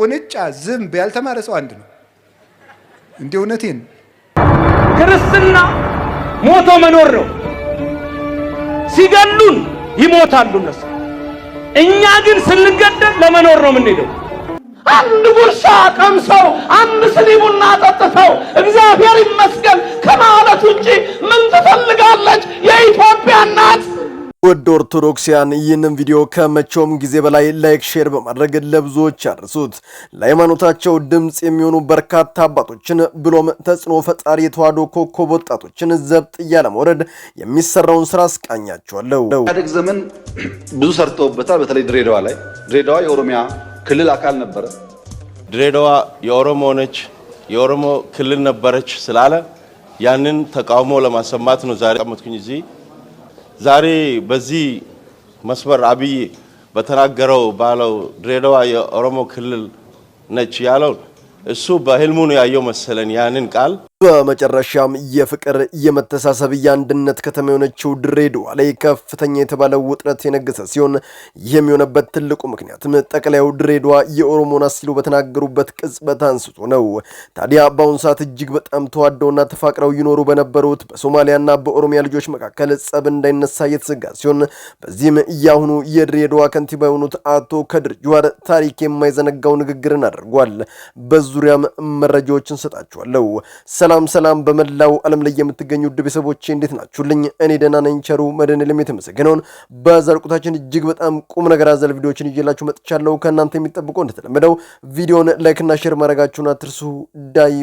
ቁንጫ፣ ዝንብ ያልተማረ ሰው አንድ ነው። እንዲ እውነቴን ክርስትና ሞቶ መኖር ነው። ሲገሉን ይሞታሉ እነሱ፣ እኛ ግን ስንገደል ለመኖር ነው የምንሄደው። አንድ ጉርሻ ቀምሰው አንድ ስኒ ቡና ጠጥተው እግዚአብሔር ይመስገን ከማለት ውጪ ምን ትፈልጋለች የኢትዮጵያና ውድ ኦርቶዶክሲያን ይህንን ቪዲዮ ከመቼውም ጊዜ በላይ ላይክ፣ ሼር በማድረግ ለብዙዎች አድርሱት። ለሃይማኖታቸው ድምፅ የሚሆኑ በርካታ አባቶችን ብሎም ተጽዕኖ ፈጣሪ የተዋሕዶ ኮከብ ወጣቶችን ዘብጥ እያለመውረድ የሚሰራውን ስራ አስቃኛቸዋለሁ። ኢህአዴግ ዘመን ብዙ ሰርተውበታል። በተለይ ድሬዳዋ ላይ ድሬዳዋ የኦሮሚያ ክልል አካል ነበረ። ድሬዳዋ የኦሮሞ ነች፣ የኦሮሞ ክልል ነበረች ስላለ ያንን ተቃውሞ ለማሰማት ነው ዛሬ ቀመጥኩኝ እዚህ ዛሬ በዚህ መስመር አብይ በተናገረው ባለው ድሬዳዋ የኦሮሞ ክልል ነች ያለው እሱ በህልሙ ነው ያየው መሰለን ያንን ቃል በመጨረሻም የፍቅር የመተሳሰብ የአንድነት ከተማ የሆነችው ድሬዳዋ ላይ ከፍተኛ የተባለው ውጥረት የነገሰ ሲሆን የሚሆነበት ትልቁ ምክንያትም ጠቅላዩ ድሬዳዋ የኦሮሞና ሲሉ በተናገሩበት ቅጽበት አንስቶ ነው። ታዲያ በአሁኑ ሰዓት እጅግ በጣም ተዋደውና ተፋቅረው ይኖሩ በነበሩት በሶማሊያና በኦሮሚያ ልጆች መካከል ጸብ እንዳይነሳ እየተዘጋ ሲሆን በዚህም እያሁኑ የድሬዳዋ ከንቲባ የሆኑት አቶ ከድር ጁሃር ታሪክ የማይዘነጋው ንግግርን አድርጓል። በዙሪያም መረጃዎችን ሰጣችኋለሁ። ሰላም ሰላም በመላው ዓለም ላይ የምትገኙ ውድ ቤተሰቦቼ እንዴት ናችሁልኝ? እኔ ደህና ነኝ። ቸሩ መድኃኔዓለም የተመሰገነውን በዛሬው ቆይታችን እጅግ በጣም ቁም ነገር አዘል ቪዲዮዎችን ይዤላችሁ መጥቻለሁ። ከእናንተ የሚጠብቀው እንደተለመደው ቪዲዮን ላይክና ሼር ማድረጋችሁን አትርሱ። ዳይ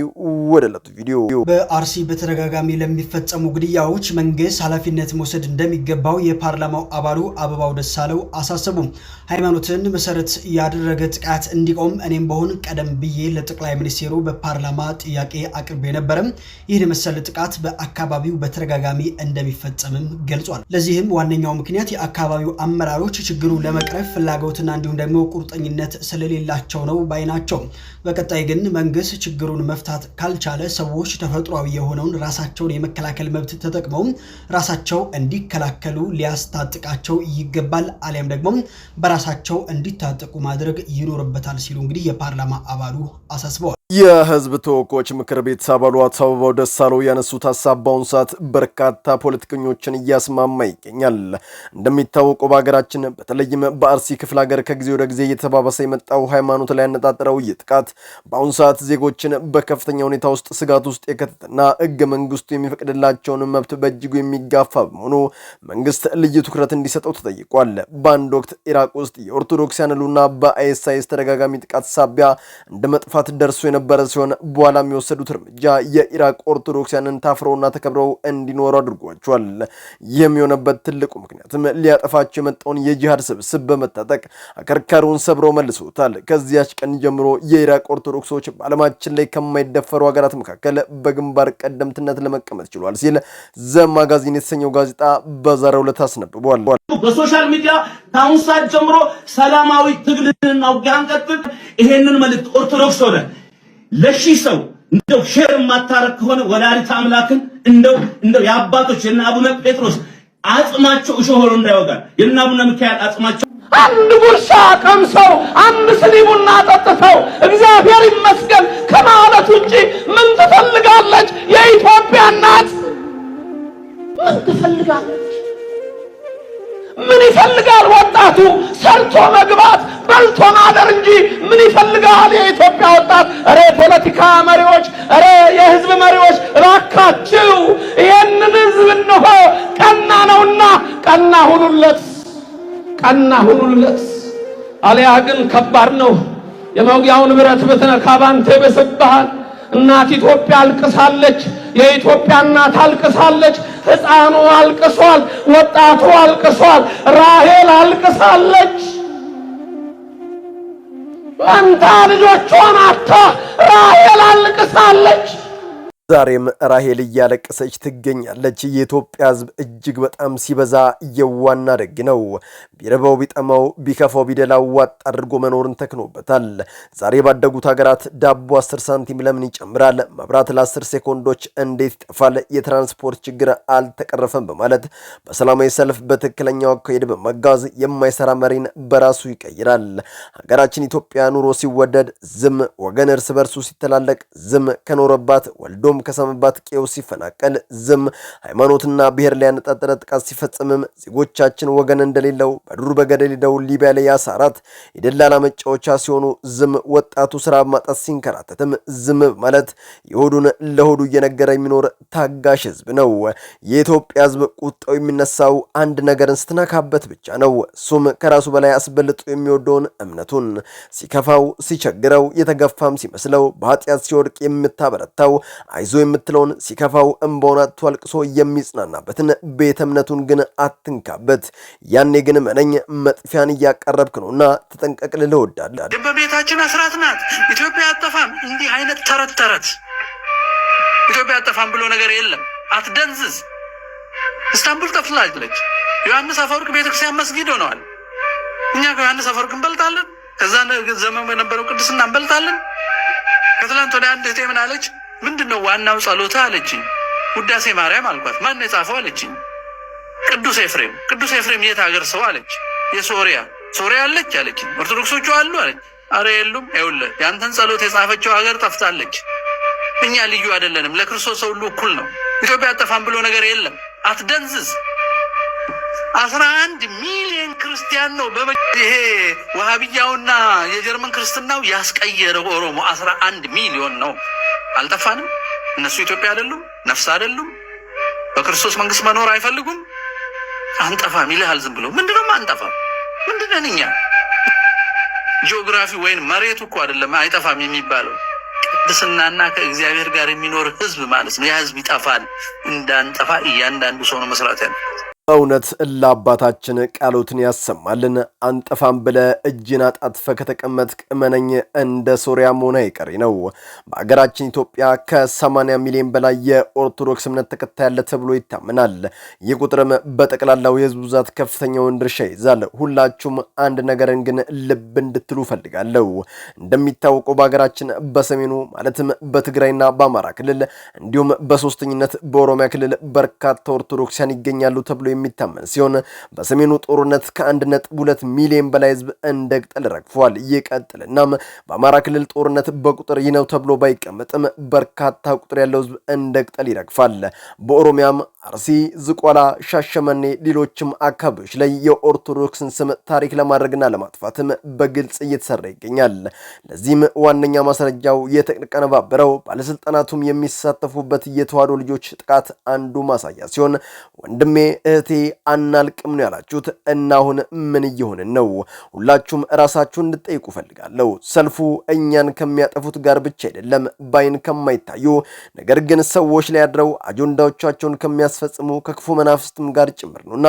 ወደላቱ ቪዲዮ። በአርሲ በተደጋጋሚ ለሚፈጸሙ ግድያዎች መንግስት ኃላፊነት መውሰድ እንደሚገባው የፓርላማው አባሉ አበባው ደሳለው አሳሰቡ። ሃይማኖትን መሰረት ያደረገ ጥቃት እንዲቆም እኔም በሆን ቀደም ብዬ ለጠቅላይ ሚኒስቴሩ በፓርላማ ጥያቄ አቅርቤ ነበረ። በተጨማሪም ይህን የመሰለ ጥቃት በአካባቢው በተደጋጋሚ እንደሚፈጸምም ገልጿል። ለዚህም ዋነኛው ምክንያት የአካባቢው አመራሮች ችግሩን ለመቅረፍ ፍላጎትና እንዲሁም ደግሞ ቁርጠኝነት ስለሌላቸው ነው ባይ ናቸው። በቀጣይ ግን መንግስት ችግሩን መፍታት ካልቻለ ሰዎች ተፈጥሯዊ የሆነውን ራሳቸውን የመከላከል መብት ተጠቅመው ራሳቸው እንዲከላከሉ ሊያስታጥቃቸው ይገባል፣ አሊያም ደግሞ በራሳቸው እንዲታጠቁ ማድረግ ይኖርበታል ሲሉ እንግዲህ የፓርላማ አባሉ አሳስበዋል። የህዝብ ተወካዮች ምክር ቤት አባሉ አቶ አበባው ደሳለው ያነሱት ሀሳብ በአሁኑ ሰዓት በርካታ ፖለቲከኞችን እያስማማ ይገኛል። እንደሚታወቀው በሀገራችን በተለይም በአርሲ ክፍለ ሀገር ከጊዜ ወደ ጊዜ እየተባባሰ የመጣው ሃይማኖት ላይ ያነጣጠረው ይህ ጥቃት በአሁኑ ሰዓት ዜጎችን በከፍተኛ ሁኔታ ውስጥ ስጋት ውስጥ የከተተና ህገ መንግስቱ የሚፈቅድላቸውን መብት በእጅጉ የሚጋፋ በመሆኑ መንግስት ልዩ ትኩረት እንዲሰጠው ተጠይቋል። በአንድ ወቅት ኢራቅ ውስጥ የኦርቶዶክሲያን ሉና በአይኤስአይኤስ ተደጋጋሚ ጥቃት ሳቢያ እንደ መጥፋት ደርሶ የነበረ ሲሆን በኋላ የሚወሰዱት እርምጃ የኢራቅ ኦርቶዶክሲያንን ታፍረውና ተከብረው እንዲኖሩ አድርጓቸዋል። ይህም የሆነበት ትልቁ ምክንያትም ሊያጠፋቸው የመጣውን የጂሃድ ስብስብ በመታጠቅ አከርካሪውን ሰብረው መልሶታል። ከዚያች ቀን ጀምሮ የኢራቅ ኦርቶዶክሶች በዓለማችን ላይ ከማይደፈሩ ሀገራት መካከል በግንባር ቀደምትነት ለመቀመጥ ችሏል ሲል ዘ ማጋዚን የተሰኘው ጋዜጣ በዛሬው ዕለት አስነብቧል። በሶሻል ሚዲያ ከአሁን ሰዓት ጀምሮ ሰላማዊ ትግልን እና ውጊያን ይሄንን መልእክት ኦርቶዶክስ ሆነ ለሺህ ሰው እንደው ሼር ማታረክ ከሆነ ወላሪታ አምላክን እንደው እንደው የአባቶች የነ አቡነ ጴጥሮስ አጽማቸው እሾህ ሆኖ እንዳይወጋል የነ አቡነ ሚካኤል አጽማቸው አንድ ጉርሻ ቀምሰው አንድ ስኒ ቡና ጠጥተው እግዚአብሔር ይመስገን ከማለት ውጪ ምን ትፈልጋለች የኢትዮጵያ እናት? ምን ትፈልጋለች? ምን ይፈልጋል ወጣቱ? ሰርቶ መግባት በልቶ ማደር እንጂ ምን ይፈልጋል የኢትዮጵያ ወጣት? ኧረ የፖለቲካ መሪዎች፣ ኧረ የህዝብ መሪዎች እባካችሁ ይህንን ህዝብ እንሆ ቀና ነውና ቀና ሁኑለት፣ ቀና ሁኑለት። አሊያ ግን ከባድ ነው። የመውጊያውን ብረት ብትነካ ባንተ ይበስብሃል። እናት ኢትዮጵያ አልቅሳለች። የኢትዮጵያ እናት አልቅሳለች። ሕፃኑ አልቅሷል፣ ወጣቱ አልቅሷል፣ ራሄል አልቅሳለች። አንታ ልጆቿን አታ ራሄል አልቅሳለች። ዛሬም ራሄል እያለቀሰች ትገኛለች። የኢትዮጵያ ሕዝብ እጅግ በጣም ሲበዛ የዋና ደግ ነው። ቢርበው ቢጠማው ቢከፋው ቢደላው ዋጥ አድርጎ መኖርን ተክኖበታል። ዛሬ ባደጉት ሀገራት ዳቦ 10 ሳንቲም ለምን ይጨምራል? መብራት ለ10 ሴኮንዶች እንዴት ይጠፋል? የትራንስፖርት ችግር አልተቀረፈም በማለት በሰላማዊ ሰልፍ በትክክለኛው አካሄድ በመጓዝ የማይሰራ መሪን በራሱ ይቀይራል። ሀገራችን ኢትዮጵያ ኑሮ ሲወደድ ዝም፣ ወገን እርስ በርሱ ሲተላለቅ ዝም ከኖረባት ወልዶም ከሰምባት ቄው ሲፈናቀል ዝም፣ ሃይማኖትና ብሔር ላይ ያነጣጠረ ጥቃት ሲፈጽምም ዜጎቻችን ወገን እንደሌለው በዱር በገደል ሄደው ሊቢያ ላይ ያሳራት የደላላ መጫወቻ ሲሆኑ ዝም፣ ወጣቱ ስራ ማጣት ሲንከራተትም ዝም ማለት የሆዱን ለሆዱ እየነገረ የሚኖር ታጋሽ ህዝብ ነው። የኢትዮጵያ ህዝብ ቁጣው የሚነሳው አንድ ነገርን ስትነካበት ብቻ ነው። እሱም ከራሱ በላይ አስበልጦ የሚወደውን እምነቱን ሲከፋው፣ ሲቸግረው፣ የተገፋም ሲመስለው በኃጢአት ሲወድቅ የምታበረታው አይዞ የምትለውን ሲከፋው እምባውን ተልቅሶ የሚጽናናበትን ቤተ እምነቱን ግን አትንካበት። ያኔ ግን መነኝ መጥፊያን እያቀረብክ ነውና ተጠንቀቅ ልልህ እወዳለሁ። እመቤታችን አስራት ናት። ኢትዮጵያ አጠፋም። እንዲህ አይነት ተረት ተረት ኢትዮጵያ አጠፋም ብሎ ነገር የለም። አትደንዝዝ። እስታንቡል ጠፍላለች። ዮሐንስ አፈወርቅ ቤተክርስቲያን መስጊድ ሆነዋል። እኛ ከዮሐንስ አፈወርቅ እንበልጣለን። ከዛ ዘመን የነበረው ቅድስና እንበልጣለን። ከትላንት ወደ አንድ እህቴ ምን አለች? ምንድነው ነው ዋናው ጸሎታ አለችኝ። ውዳሴ ማርያም አልኳት። ማን የጻፈው አለችኝ። ቅዱስ ኤፍሬም። ቅዱስ ኤፍሬም የት ሀገር ሰው አለች። የሶሪያ ሶሪያ አለች አለችኝ። ኦርቶዶክሶቹ አሉ አለች። አረ የሉም። ይኸውልህ ያንተን ጸሎት የጻፈችው ሀገር ጠፍታለች። እኛ ልዩ አይደለንም። ለክርስቶስ ሰው ሁሉ እኩል ነው። ኢትዮጵያ አጠፋም ብሎ ነገር የለም። አትደንዝዝ። አስራ አንድ ሚሊዮን ክርስቲያን ነው በመ ይሄ ውሃብያውና የጀርመን ክርስትናው ያስቀየረው ኦሮሞ አስራ አንድ ሚሊዮን ነው። አልጠፋንም። እነሱ ኢትዮጵያ አይደሉም፣ ነፍስ አይደሉም፣ በክርስቶስ መንግስት መኖር አይፈልጉም። አንጠፋም ይልሃል ዝም ብሎ ምንድነው? አንጠፋም ምንድነን እኛ? ጂኦግራፊ ወይም መሬቱ እኮ አይደለም አይጠፋም የሚባለው ቅድስናና ከእግዚአብሔር ጋር የሚኖር ህዝብ ማለት ነው። ያ ህዝብ ይጠፋል። እንዳንጠፋ እያንዳንዱ ሰው ነው መስራት ያለበት። በእውነት ለአባታችን ቃሎትን ያሰማልን። አንጠፋም ብለ እጅን አጣጥፈ ከተቀመጥክ እመነኝ እንደ ሶሪያ መሆን አይቀሬ ነው። በሀገራችን ኢትዮጵያ ከ80 ሚሊዮን በላይ የኦርቶዶክስ እምነት ተከታይ ያለ ተብሎ ይታመናል። ይህ ቁጥርም በጠቅላላው የህዝብ ብዛት ከፍተኛውን ድርሻ ይዛል። ሁላችሁም አንድ ነገርን ግን ልብ እንድትሉ ፈልጋለሁ። እንደሚታወቀው በሀገራችን በሰሜኑ ማለትም በትግራይና በአማራ ክልል እንዲሁም በሶስተኝነት በኦሮሚያ ክልል በርካታ ኦርቶዶክሲያን ይገኛሉ ተብሎ የሚታመን ሲሆን በሰሜኑ ጦርነት ከ1.2 ሚሊዮን በላይ ህዝብ እንደ ቅጠል ረግፏል። ይቀጥልናም በአማራ ክልል ጦርነት በቁጥር ይነው ተብሎ ባይቀመጥም በርካታ ቁጥር ያለው ህዝብ እንደ ቅጠል ይረግፋል። በኦሮሚያም አርሲ፣ ዝቆላ፣ ሻሸመኔ፣ ሌሎችም አካባቢዎች ላይ የኦርቶዶክስን ስም ታሪክ ለማድረግና ለማጥፋትም በግልጽ እየተሰራ ይገኛል። ለዚህም ዋነኛ ማስረጃው የተቀነባበረው ባለስልጣናቱም የሚሳተፉበት የተዋሕዶ ልጆች ጥቃት አንዱ ማሳያ ሲሆን ወንድሜ እህቴ አናልቅም ነው ያላችሁት እና አሁን ምን እየሆንን ነው? ሁላችሁም ራሳችሁን እንድጠይቁ ፈልጋለሁ። ሰልፉ እኛን ከሚያጠፉት ጋር ብቻ አይደለም፣ ባይን ከማይታዩ ነገር ግን ሰዎች ላይ ያድረው አጀንዳዎቻቸውን ከሚያ የሚያስፈጽመው ከክፉ መናፍስትም ጋር ጭምር ነው እና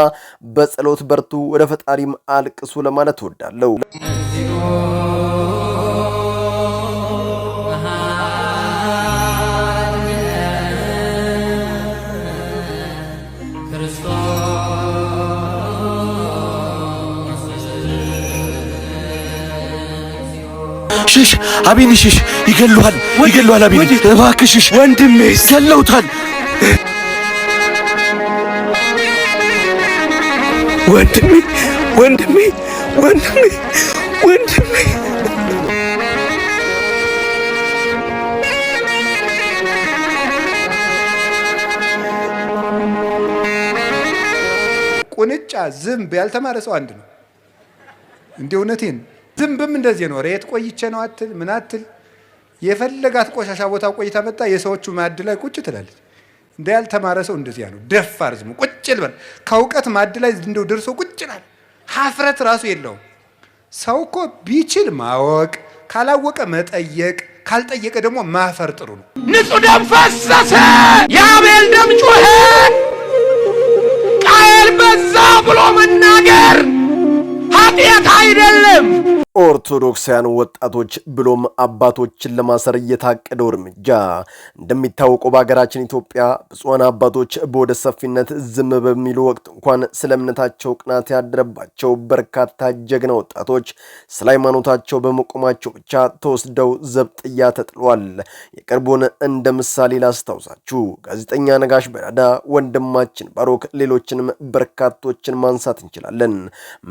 በጸሎት በርቱ፣ ወደ ፈጣሪም አልቅሱ ለማለት እወዳለሁ። ሽሽ አቤኔ፣ ሽሽ ይገሉሃል፣ ይገሉሃል። አቤኔ እባክሽሽ ወንድሜ ገለውታል። ወንድሜ ወንድሜ ወንድሜ ወንድሜ ቁንጫ ዝንብ ያልተማረ ሰው አንድ ነው። እንዲህ እውነቴን ዝንብም እንደዚህ ነው። ሬት ቆይቼ ነው አትል ምን አትል የፈለጋት ቆሻሻ ቦታ ቆይታ መጣ የሰዎቹ ማዕድ ላይ ቁጭ ትላለች። እንደ ያልተማረ ሰው እንደዚያ ነው። ደፋር ዝም ቁጭ ልበል። ከእውቀት ማድ ላይ እንደው ደርሶ ቁጭ ላል ሀፍረት ራሱ የለውም። ሰው እኮ ቢችል ማወቅ፣ ካላወቀ መጠየቅ፣ ካልጠየቀ ደግሞ ማፈር ጥሩ ነው። ንጹሕ ደም ፈሰሰ፣ የአቤል ደም ጮኸ፣ ቃየል በዛ ብሎ መናገር ኃጢአት አይደለም። ኦርቶዶክሳውያን ወጣቶች ብሎም አባቶችን ለማሰር እየታቀደው እርምጃ እንደሚታወቀው በሀገራችን ኢትዮጵያ ብፁዓን አባቶች በወደ ሰፊነት ዝም በሚሉ ወቅት እንኳን ስለ እምነታቸው ቅናት ያደረባቸው በርካታ ጀግና ወጣቶች ስለ ሃይማኖታቸው በመቆማቸው ብቻ ተወስደው ዘብጥያ ተጥሏል። የቅርቡን እንደ ምሳሌ ላስታውሳችሁ። ጋዜጠኛ ነጋሽ በዳዳ፣ ወንድማችን ባሮክ፣ ሌሎችንም በርካቶችን ማንሳት እንችላለን።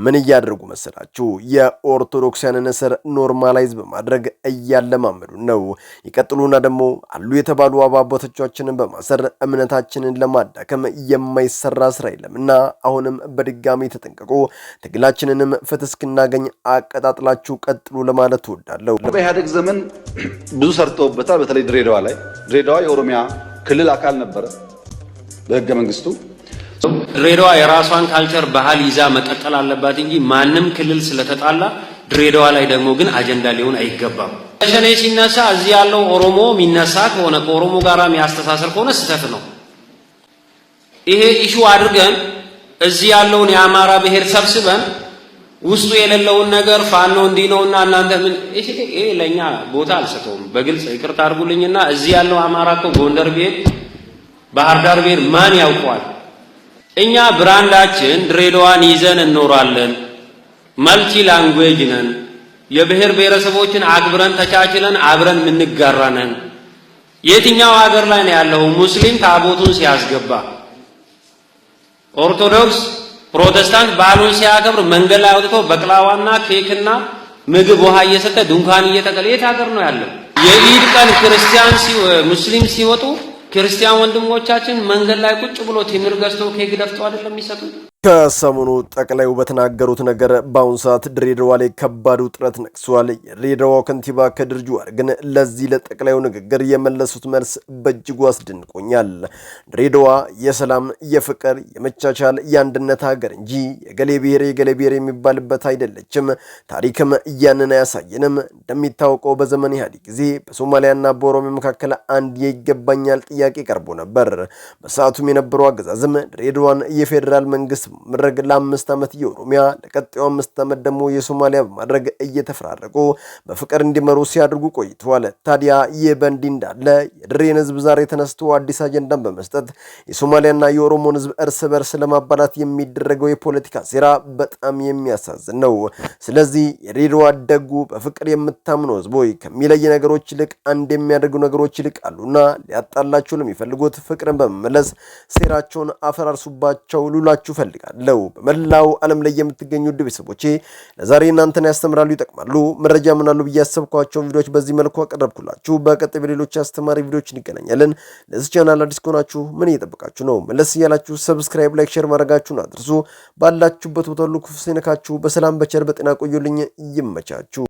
ምን እያደረጉ መሰላችሁ? የኦርቶዶክስ የኦርቶዶክሲያንን እስር ኖርማላይዝ በማድረግ እያለማመዱን ነው። ይቀጥሉና ደግሞ አሉ የተባሉ አባ አባቶቻችንን በማሰር እምነታችንን ለማዳከም የማይሰራ ስራ እና አሁንም በድጋሚ ተጠንቀቁ። ትግላችንንም ፍትህ እስክናገኝ አቀጣጥላችሁ ቀጥሉ ለማለት እወዳለሁ። በኢህአዴግ ዘመን ብዙ ሰርተውበታል። በተለይ ድሬዳዋ ላይ ድሬዳዋ የኦሮሚያ ክልል አካል ነበረ በህገ መንግስቱ። ድሬዳዋ የራሷን ካልቸር ባህል ይዛ መቀጠል አለባት እንጂ ማንም ክልል ስለተጣላ ድሬዳዋ ላይ ደግሞ ግን አጀንዳ ሊሆን አይገባም። ሸኔ ሲነሳ እዚህ ያለው ኦሮሞ የሚነሳ ከሆነ ከኦሮሞ ጋር የሚያስተሳሰር ከሆነ ስህተት ነው። ይሄ ኢሹ አድርገን እዚህ ያለውን የአማራ ብሔር ሰብስበን ውስጡ የሌለውን ነገር ፋኖ እንዲህ እና እናንተ ምን ይሄ ለእኛ ቦታ አልሰጠውም። በግልጽ ይቅርታ አድርጉልኝና እዚህ ያለው አማራ እኮ ጎንደር ብሔር፣ ባህር ዳር ብሔር ማን ያውቀዋል? እኛ ብራንዳችን ድሬዳዋን ይዘን እንኖራለን። መልቲ ላንጉዌጅ ነን። የብሔር ብሔረሰቦችን አክብረን ተቻችለን አብረን የምንጋራ ነን። የትኛው ሀገር ላይ ነው ያለው? ሙስሊም ታቦቱን ሲያስገባ፣ ኦርቶዶክስ ፕሮቴስታንት ባሉን ሲያከብር መንገድ ላይ አውጥቶ በቅላዋና ኬክና ምግብ ውሃ እየሰጠ ድንኳን እየተከለ የት ሀገር ነው ያለው? የኢድ ቀን ክርስቲያን ሙስሊም ሲወጡ ክርስቲያን ወንድሞቻችን መንገድ ላይ ቁጭ ብሎ ቴምር ገዝቶ ኬክ ደፍቶ አይደለም የሚሰጡ ከሰሞኑ ጠቅላዩ በተናገሩት ነገር በአሁኑ ሰዓት ድሬዳዋ ላይ ከባድ ውጥረት ነቅሷል። የድሬዳዋ ከንቲባ ከድር ጁሃር ግን ለዚህ ለጠቅላዩ ንግግር የመለሱት መልስ በእጅጉ አስደንቆኛል። ድሬዳዋ የሰላም፣ የፍቅር፣ የመቻቻል፣ የአንድነት ሀገር እንጂ የገሌ ብሔር የገሌ ብሔር የሚባልበት አይደለችም። ታሪክም እያንን አያሳየንም። እንደሚታወቀው በዘመን ኢህአዴግ ጊዜ በሶማሊያና በኦሮሚያ መካከል አንድ የይገባኛል ጥያቄ ቀርቦ ነበር። በሰዓቱም የነበረው አገዛዝም ድሬዳዋን የፌዴራል መንግስት በማድረግ ለአምስት ዓመት የኦሮሚያ ለቀጣዩ አምስት ዓመት ደግሞ የሶማሊያ በማድረግ እየተፈራረቁ በፍቅር እንዲመሩ ሲያደርጉ ቆይተዋል። ታዲያ ይህ በእንዲህ እንዳለ የድሬን ህዝብ ዛሬ ተነስቶ አዲስ አጀንዳን በመስጠት የሶማሊያና የኦሮሞን ህዝብ እርስ በርስ ለማባላት የሚደረገው የፖለቲካ ሴራ በጣም የሚያሳዝን ነው። ስለዚህ የድሬዳዋ ደጉ በፍቅር የምታምኑ ህዝቦች ከሚለይ ነገሮች ይልቅ አንድ የሚያደርጉ ነገሮች ይልቅ አሉና ሊያጣላቸው ለሚፈልጉት ፍቅርን በመመለስ ሴራቸውን አፈራርሱባቸው ሉላችሁ ፈልግ እፈልጋለሁ። በመላው ዓለም ላይ የምትገኙ ውድ ቤተሰቦቼ ለዛሬ እናንተን ያስተምራሉ፣ ይጠቅማሉ፣ መረጃ ምናሉ ብዬ ያሰብኳቸውን ቪዲዮዎች በዚህ መልኩ አቀረብኩላችሁ። በቀጣይ በሌሎች አስተማሪ ቪዲዮዎች እንገናኛለን። ለዚህ ቻናል አዲስ ከሆናችሁ ምን እየጠበቃችሁ ነው? መለስ እያላችሁ ሰብስክራይብ፣ ላይክ፣ ሼር ማድረጋችሁን አድርሱ። ባላችሁበት ቦታ ሁሉ ክፉ ሳይነካችሁ በሰላም በቸር በጤና ቆዩልኝ። ይመቻችሁ።